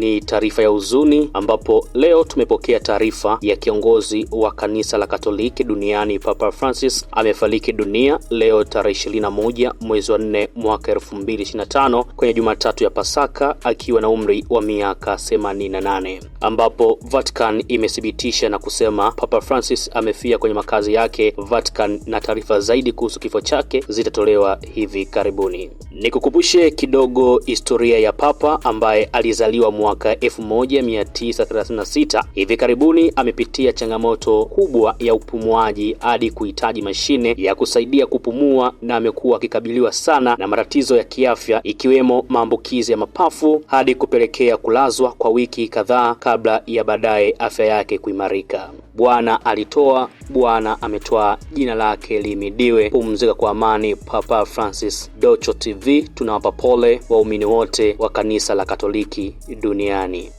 ni taarifa ya huzuni ambapo leo tumepokea taarifa ya kiongozi wa kanisa la Katoliki duniani Papa Francis amefariki dunia leo tarehe 21 mwezi wa 4 mwaka 2025 kwenye Jumatatu ya Pasaka akiwa na umri wa miaka 88, ambapo Vatican imethibitisha na kusema Papa Francis amefia kwenye makazi yake Vatican, na taarifa zaidi kuhusu kifo chake zitatolewa hivi karibuni. Nikukumbushe kidogo historia ya Papa ambaye alizaliwa mwa mwaka 1936. Hivi karibuni amepitia changamoto kubwa ya upumuaji hadi kuhitaji mashine ya kusaidia kupumua na amekuwa akikabiliwa sana na matatizo ya kiafya ikiwemo maambukizi ya mapafu hadi kupelekea kulazwa kwa wiki kadhaa kabla ya baadaye afya yake kuimarika. Bwana alitoa, Bwana ametoa jina lake limidiwe. Pumzika kwa amani, Papa Francis. Docho TV tunawapa pole waumini wote wa kanisa la Katoliki duniani.